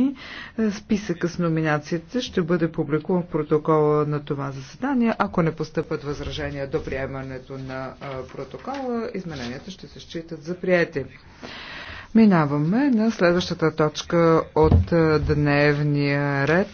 и е, списъка с номинациите ще бъде публикуван в протокола на това заседание. Ако не постъпват възражения до приемането на е, протокола, измененията ще се считат за приятели. Минаваме на следващата точка от е, дневния ред.